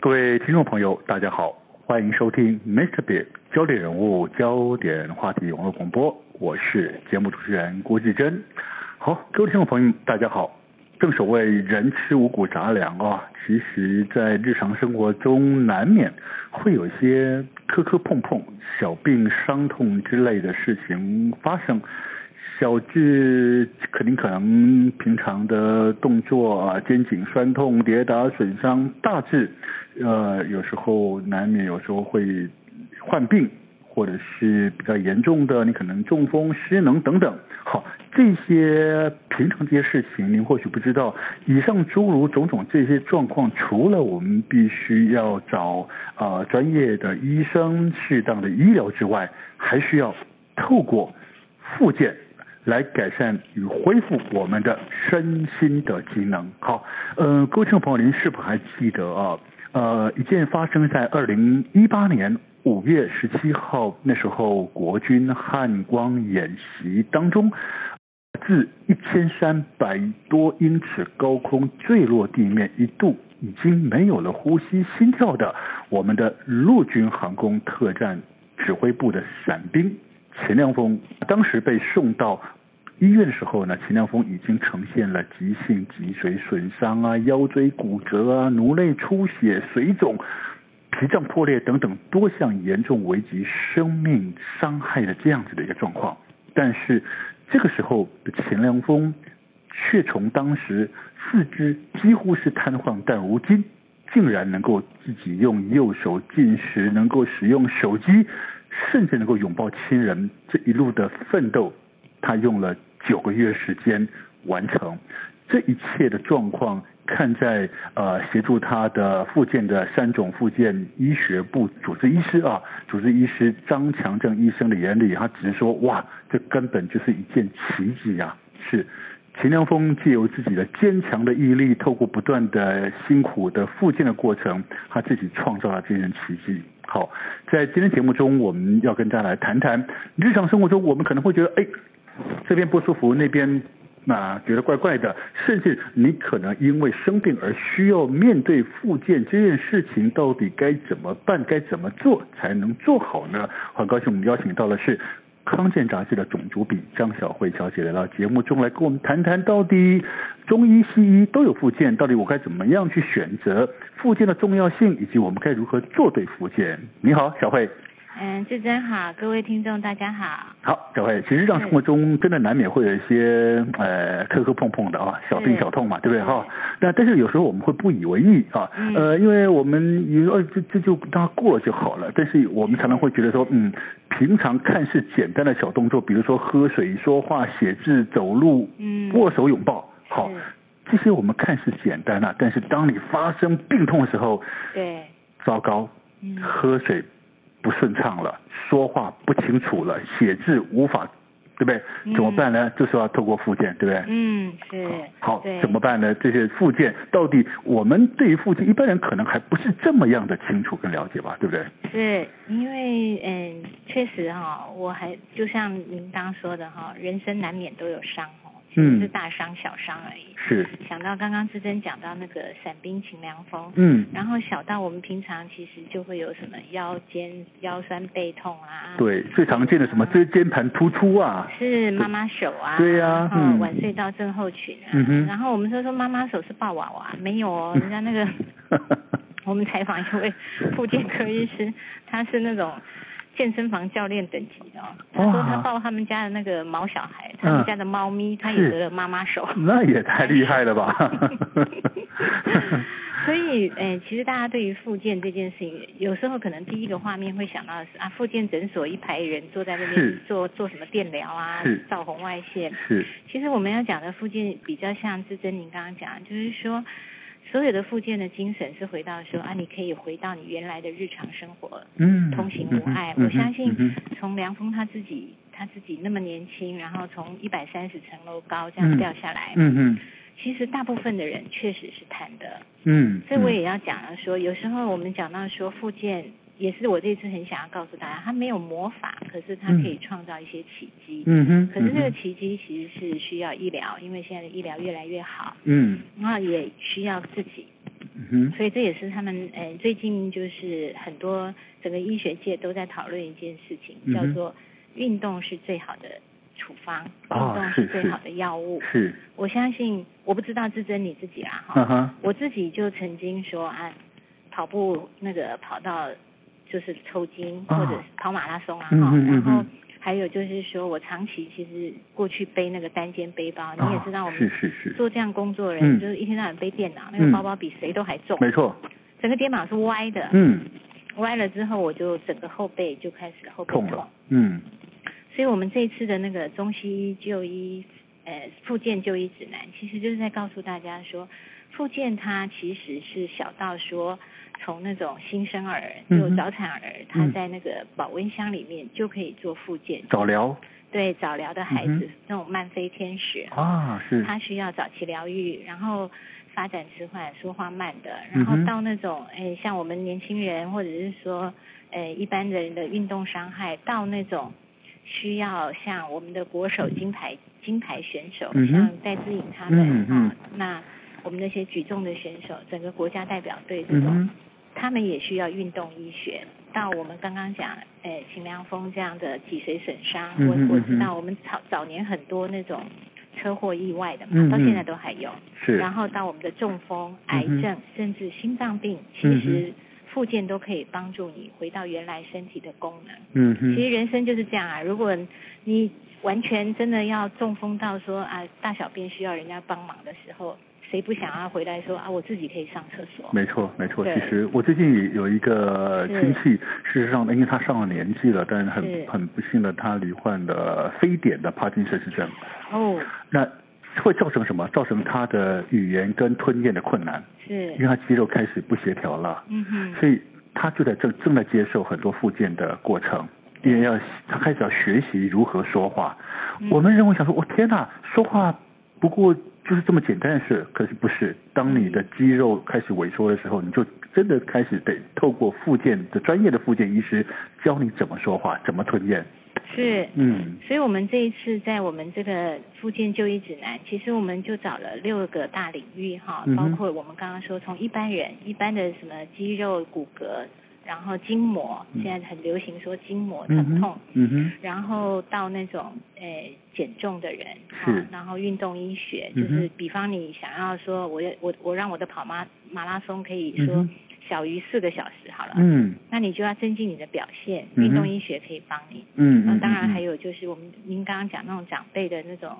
各位聽眾朋友，大家好，歡迎收聽《Mr. Big 焦點人物焦點話題網絡廣播》，我是節目主持人郭繼珍。好，各位聽眾朋友，大家好。正所謂人吃五穀雜糧啊、哦，其實，在日常生活中難免會有一些磕磕碰碰、小病傷痛之類的事情發生。小至肯定可能平常的動作啊，肩頸痠痛、跌打損傷，大至呃有時候難免，有時候會患病，或者是比較嚴重的，你可能中風失能等等。好，這些平常這些事情，您或許不知道。以上諸如種種這些狀況，除了我們必須要找啊呃、專業的醫生適當的醫療之外，還需要透過復健。來改善與恢復我們的身心的機能。好，呃，各位聽眾朋友，您是否還記得啊？呃，一件發生在二零一八年五月十七號那時候，國軍漢光演習當中，自一千三百多英尺高空墜落地面，一度已經沒有了呼吸、心跳的我們的陸軍航空特戰指揮部的傘兵錢亮峰，當時被送到。醫院的時候呢，秦良峰已經呈現了急性脊髓損傷啊、腰椎骨折啊、顱內出血、水腫、脾臟破裂等等多項嚴重危及生命傷害的這樣子的一個狀況。但是這個時候的秦良峰卻從當時四肢幾乎是癱瘓，但如今竟然能夠自己用右手進食，能夠使用手機，甚至能夠擁抱親人。這一路的奮鬥，他用了。九個月時間完成這一切的狀況，看在呃協助他的復健的三種復健醫學部主治醫師啊，主治醫師張強正醫生的眼裡，他只是說，哇，這根本就是一件奇蹟啊！是秦良峰借由自己的堅強的毅力，透過不斷的辛苦的復健的過程，他自己創造了這件奇蹟。好，在今天節目中，我們要跟大家來談談日常生活中，我們可能會覺得哎。誒這邊不舒服，那邊那覺得怪怪的，甚至你可能因為生病而需要面對復健這件事情，到底該怎麼辦？該怎麼做才能做好呢？很高興我們邀請到的是康健雜誌的總主筆張曉卉小姐來到節目中來跟我們談談，到底中醫西醫都有復健，到底我該怎麼樣去選擇復健的重要性，以及我們該如何做對復健。你好，曉卉。嗯，這真好，各位聽眾大家好。好，各位，其實日常生活中真的難免會有一些是呃磕磕碰碰的啊，小病小痛嘛，是對不吧對哈？那但是有時候我們會不以為意啊，嗯、呃，因為我們有這這就家過了就好了。但是我們常常會覺得說，嗯，平常看似簡單的小動作，比如說喝水、說話、寫字、走路、嗯，握手、擁抱，好，是這些我們看似簡單啊，但是當你發生病痛的時候，對，糟糕，嗯、喝水。不順暢了，說話不清楚了，寫字無法，對不對？怎麼辦呢？嗯、就是要透過復健，對不對？嗯，是。好，好對怎麼辦呢？這些復健到底，我們對於復健，一般人可能還不是這麼樣的清楚跟了解吧，對不對？是，因為嗯，確實哈，我還就像您剛說的哈，人生難免都有傷。嗯，是大傷小傷而已。嗯、是。想到剛剛志珍，講到那個傘兵秦涼風。嗯。然後小到我們平常其實就會有什麼腰肩腰酸背痛啊，對，最常見的什麼椎間、嗯、盤突出啊。是媽媽手啊。對啊，對啊，嗯。晚睡到症候群。嗯哼。然後我們都說，說媽媽手是抱娃娃，沒有哦，人家那個。嗯、 我們採訪一位婦產科醫師，他是那種。健身房教練等級的、哦，他說他抱他們家的那個毛小孩，他哇們家的貓咪他、嗯、也得了媽媽手，那也太厲害了吧！ 所以，哎，其實大家對於復健這件事情，有時候可能第一個畫面會想到的是啊，復健診所一排人坐在那邊做是做什麼電療啊，是照紅外線。是，其實我們要講的復健比較像，志珍您剛剛講，就是說。所有的復健的精神是回到說啊，你可以回到你原來的日常生活，嗯，通行無礙。嗯、我相信從梁峰他自己，他自己那麼年輕，然後從一百三十層樓高這樣掉下來，嗯嗯，嗯嗯，其實大部分的人確實是癱的、嗯，嗯，所以我也要講啊，說，有時候我們講到說復健。也是我這次很想要告訴大家，他沒有魔法，可是他可以創造一些奇蹟。嗯，嗯哼。嗯哼，可是這個奇蹟其實是需要醫療，因為現在的醫療越來越好。嗯。然後，也需要自己。嗯哼。所以這也是他們哎、呃、最近就是很多整個醫學界都在討論一件事情，嗯、哼叫做運動是最好的處方，哦、運動是最好的藥物。是，是。是我相信，我不知道志珍你自己啦、啊啊、哈。嗯哼。我自己就曾經說啊，跑步那個跑到。就是抽筋或者是跑馬拉松啊、哦，嗯哼嗯哼然後還有就是說我長期其實過去背那個單肩背包，哦、你也知道我們做這樣工作的人，是是是就是一天到晚背電腦，那個、嗯、包包比誰都還重，沒錯、嗯，整個電腦是歪的，嗯，歪了之後我就整個後背就開始了後背痛，痛了，嗯，所以我們這一次的那個中西醫就醫。呃，復健就醫指南其實就是在告訴大家說，復健它其實是小到說從那種新生兒，就早產兒，他在那個保溫箱裡面就可以做復健聊。早療。對，早療的孩子，那、嗯、哼種慢飛天使啊，是，他需要早期療癒，然後發展遲緩、說話慢的，然後到那種、嗯、哼哎，像我們年輕人或者是說誒、哎、一般的人的運動傷害，到那種需要像我們的國手金牌。嗯金牌選手像戴資穎他們啊、嗯哼，那我們那些舉重的選手，整個國家代表隊這種，嗯、哼他們也需要運動醫學。到我們剛剛講，呃、欸，秦良峰這樣的脊髓損傷，我、嗯、哼我知道，我們早早年很多那種車禍意外的嘛，嗯、哼到現在都還有。是。然後到我們的中風、癌症，嗯、哼甚至心臟病，其實。復健都可以幫助你回到原來身體的功能。嗯哼。其實人生就是這樣啊，如果你完全真的要中風到說啊大小便需要人家幫忙的時候，誰不想要回來說啊我自己可以上廁所？沒錯，沒錯。對其實我最近有一個親戚，是事實上因為他上了年紀了，但很是很很不幸的他罹患的非典的帕金森氏症。哦。那。會造成什麼？造成他的語言跟吞嚥的困難，是因為他肌肉開始不協調了。嗯哼所以他就在正正在接受很多復健的過程，也要他開始要學習如何說話。嗯、我們人會想說，我、哦、天哪，說話不過就是這麼簡單的事，可是不是。當你的肌肉開始萎縮的時候，嗯、你就真的開始得透過復健，這專業的復健醫師教你怎麼說話，怎麼吞嚥。是，嗯，所以我們這一次在我們這個復健就醫指南，其實我們就找了六個大領域哈，包括我們剛剛說，從一般人一般的什麼肌肉骨骼，然後筋膜，現在很流行說筋膜疼痛，嗯哼，嗯哼，然後到那種誒、哎、減重的人，哈、啊、是然後運動醫學，就是比方你想要說我，我我我讓我的跑馬馬拉松可以說。嗯小於四個小時好了，嗯，那你就要增進你的表現。運動醫學可以幫你。嗯嗯。當然還有就是我們您剛剛講那種長輩的那種，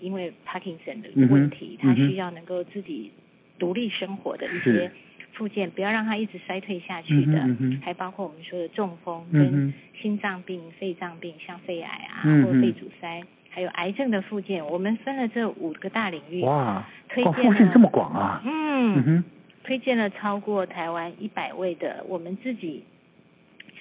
因為帕金森的問題，他需要能夠自己獨立生活的一些復健，不要讓他一直衰退下去的。嗯，還包括我們說的中風跟心臟病、肺臟病，像肺癌啊，或肺阻塞，還有癌症的復健。我們分了這五個大領域。哇，哦，復健這麼廣啊！嗯嗯哼。推薦了超過台灣一百位的，我們自己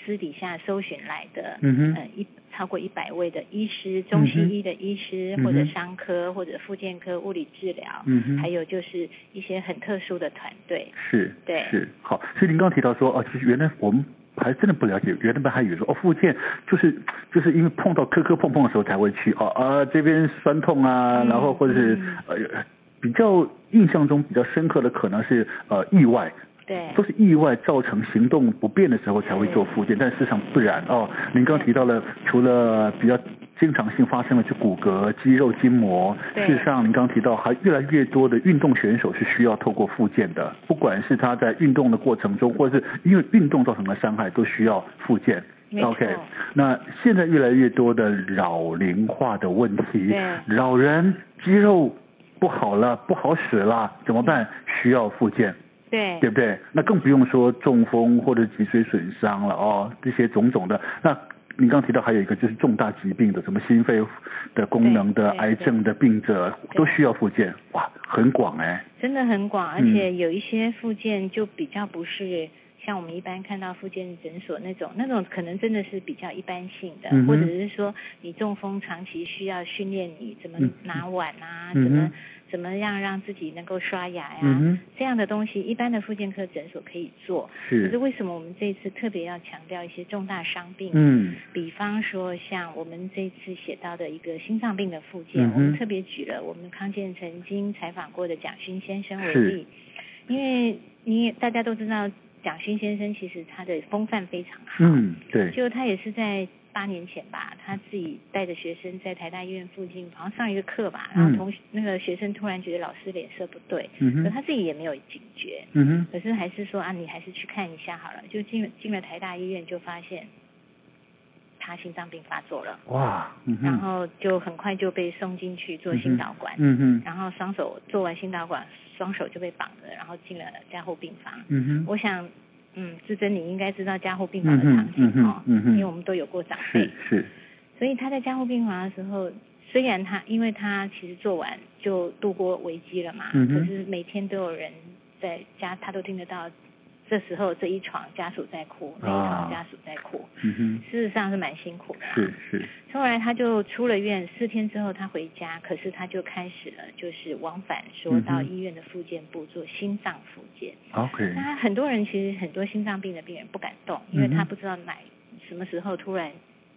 私底下搜尋來的，嗯嗯哼嗯、呃、一超過一百位的醫師，中西醫的醫師、嗯、哼或者傷科、嗯、哼或者復健科物理治療，嗯哼，還有就是一些很特殊的團隊，是，對，是，好，所以您剛剛提到說，哦，其實原來我們還真的不了解，原來我們還以為說，哦，復健就是就是因為碰到磕磕碰，碰碰的時候才會去，哦，啊、呃、這邊酸痛啊，然後或者是，呃、嗯。嗯比較印象中比較深刻的可能是呃、意外，對，都是意外造成行動不便的時候才會做復健，對但事實上不然啊、哦。您剛提到了，除了比較經常性發生的，是骨骼、肌肉、筋膜，對事實上您剛提到，還越來越多的運動選手是需要透過復健的，不管是他在運動的過程中，或者是因為運動造成的傷害，都需要復健。錯 OK，那現在越來越多的老齡化的問題，對老人肌肉。不好了，不好使了，怎麼辦？需要復健，對，對不對？那更不用說中風或者脊髓損傷了哦，這些種種的。那您剛剛提到還有一個就是重大疾病的，什麼心肺的功能的、癌症的病者，都需要復健，對哇，很廣哎。真的很廣，而且有一些復健就比較不是。像我們一般看到復健診所那種，那種可能真的是比較一般性的，嗯、哼或者是說你中風長期需要訓練你怎麼拿碗啊，嗯、哼怎麼、嗯、哼怎麼樣讓自己能夠刷牙呀、啊嗯、哼這樣的東西，一般的復健科診所可以做。是，可是為什麼我們這次特別要強調一些重大傷病？嗯。比方說，像我們這次寫到的一個心臟病的復健，嗯、哼我們特別舉了我們康健曾經採訪過的蔣勳先生為例，是因為你也大家都知道。蔣勳先生其實他的風範非常好，嗯，對，就他也是在八年前吧，他自己帶着學生在台大醫院附近，好像上一個課吧，嗯、然後同學那個學生突然覺得老師臉色不對，嗯哼他自己也沒有警覺，嗯嗯哼可是還是說啊，你還是去看一下好了，就進進了台大醫院，就發現他心臟病發作了，哇，嗯、然後就很快就被送進去做心導管、嗯，嗯然後雙手做完心導管。雙手就被綁了，然後進了加護病房。嗯哼，我想，嗯，志珍你應該知道加護病房的場景哦，因為我們都有過長輩。是，所以他在加護病房的時候，雖然他因為他其實做完就度過危機了嘛，嗯哼，可是每天都有人在家，他都聽得到。這時候這一床家屬在哭，哦、那一床家屬在哭，嗯、哼事實上是蠻辛苦的，啊，是。是是。後來他就出了院，四天之後他回家，可是他就開始了就是往返，說到醫院的復健部做心臟復健。OK、嗯哼。那很多人其實很多心臟病的病人不敢動，因為他不知道哪、嗯、哼什麼時候突然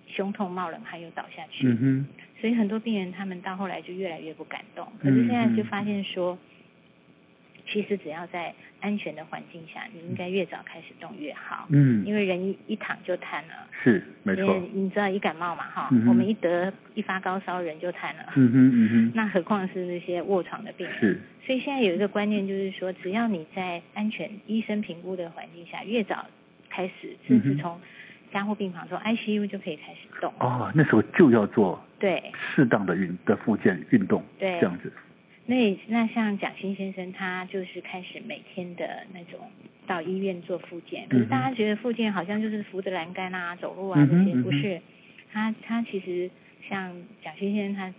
胸痛冒冷汗又倒下去。嗯哼所以很多病人他們到後來就越來越不敢動，可是現在就發現說。嗯其實只要在安全的環境下，你應該越早開始動越好。嗯，因為人一,一躺就癱了。是，沒錯。因為你知道一感冒嘛，哈、嗯哼，我們一得一發高燒，人就癱了嗯。嗯哼嗯哼。那何況是那些臥床的病人。是。所以現在有一個觀念就是說，只要你在安全醫生評估的環境下，越早開始、嗯哼，甚至從加護病房中 ICU 就可以開始動。哦，那時候就要做對適當的運的復健運動。對，這樣子。那那像蔣勳先生，他就是開始每天的那種到醫院做復健，嗯、哼可是大家覺得復健好像就是扶着欄杆啊，嗯哼嗯哼走路啊這些，不是？他他其實像蔣勳先生他，他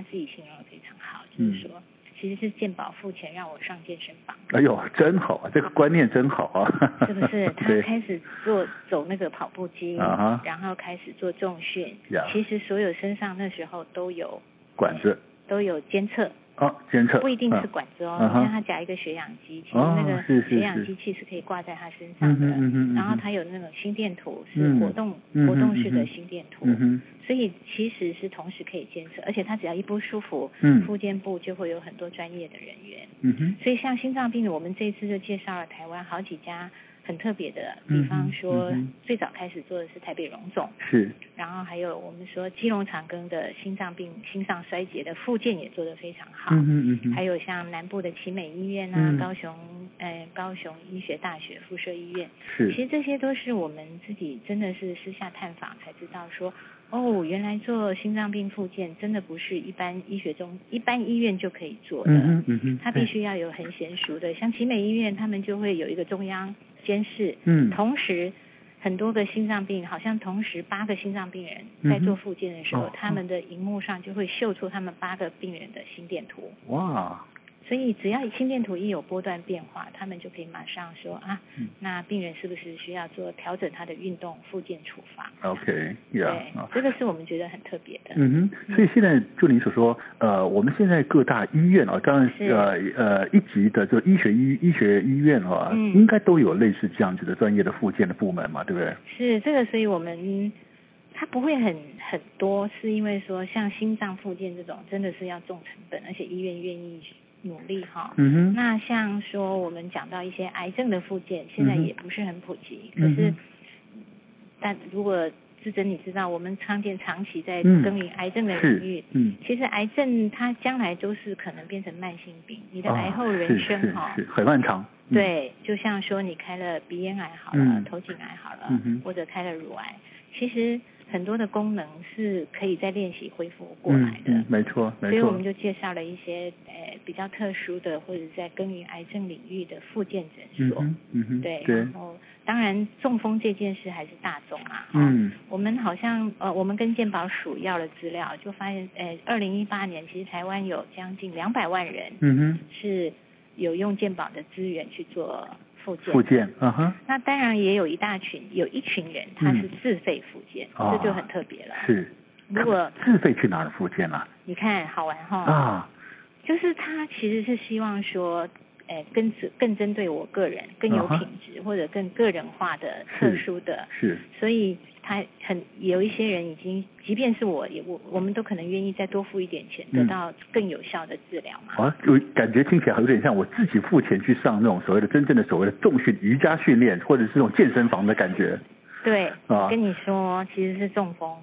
他自己形容非常好，嗯、就是說其實是健保付錢讓我上健身房。哎呦，真好啊，這個觀念真好啊！好 是不是？他開始做對走那個跑步機，uh huh、然後開始做重訓，Yeah. 其實所有身上那時候都有管子著，都有監測。哦，監測不一定是管子哦，啊、你像他夾一個血氧機，啊、其實那個血氧機器是可以掛在他身上的，哦、然後他有那種心電圖是活動、嗯、活動式的心電圖，嗯嗯嗯嗯、所以其實是同時可以監測，而且他只要一不舒服，嗯，復健部就會有很多專業的人員，嗯嗯、所以像心臟病，我們這次就介紹了台灣好幾家。很特別的，比方說最早開始做的是台北榮總，是，然後還有我們說基隆長庚的心臟病、心臟衰竭的復健也做得非常好，嗯嗯嗯，還有像南部的奇美醫院啊，嗯、高雄，哎，高雄醫學大學附設醫院，是，其實這些都是我們自己真的是私下探訪才知道說，哦，原來做心臟病復健真的不是一般醫學中一般醫院就可以做的，嗯嗯它嗯嗯嗯，他必須要有很嫻熟的，哎、像奇美醫院他們就會有一個中央。監視，嗯，同時很多個心臟病，好像同時八個心臟病人在做復健的時候，嗯、他們的熒幕上就會秀出他們八個病人的心電圖。哇！所以只要心電圖一有波段變化，他們就可以馬上說啊，那病人是不是需要做調整他的運動復健處罰？OK，yeah，Okay ,這個是我們覺得很特別的。嗯哼，所以現在就你所說，說，呃，我們現在各大醫院啊，當然是呃呃一級的就醫學醫醫學醫院哈，應該都有類似這樣子的專業的復健的部門嘛，對不對？是這個，所以我們它不會很很多，是因為說像心臟復健這種真的是要重成本，而且醫院願意。努力哈、哦，嗯、哼那像說我們講到一些癌症的復健，現在也不是很普及，嗯、哼可是，嗯、哼但如果智珍你知道，我們康健長期在耕耘癌症的領域嗯，嗯，其實癌症它將來都是可能變成慢性病，哦、你的癌後人生哈、哦，很漫長。嗯、對，就像說你開了鼻咽癌好了，嗯、頭頸癌好了，嗯、哼或者開了乳癌，其實。很多的功能是可以再練習恢復過來的。嗯，嗯，沒錯，沒錯，所以我們就介紹了一些呃比較特殊的或者在耕耘癌症領域的復健診所嗯。嗯哼。嗯對。對，然後，當然中風這件事還是大眾啊。嗯啊。我們好像呃，我們跟健保署要了資料，就發現呃，二零一八年其實臺灣有將近兩百萬人。嗯哼。是有用健保的資源去做，復健，嗯、那當然也有一大群，有一群人他是自費復健，嗯哦、這就很特別了。是，如果自費去哪兒復健呢？啊。你看，好玩哈、哦，啊，就是他其實是希望說，誒、呃，更只，更針對我個人，更有品質、嗯、哼或者更個人化的是特殊的，是，所以。他很有一些人已經，即便是我，也我我們都可能願意再多付一點錢，得到更有效的治療嘛。啊，有感覺聽起來還有點像我自己付錢去上那種所謂的真正的所謂的重訓瑜伽訓練，或者是那種健身房的感覺。對，對，跟你說其實是中風。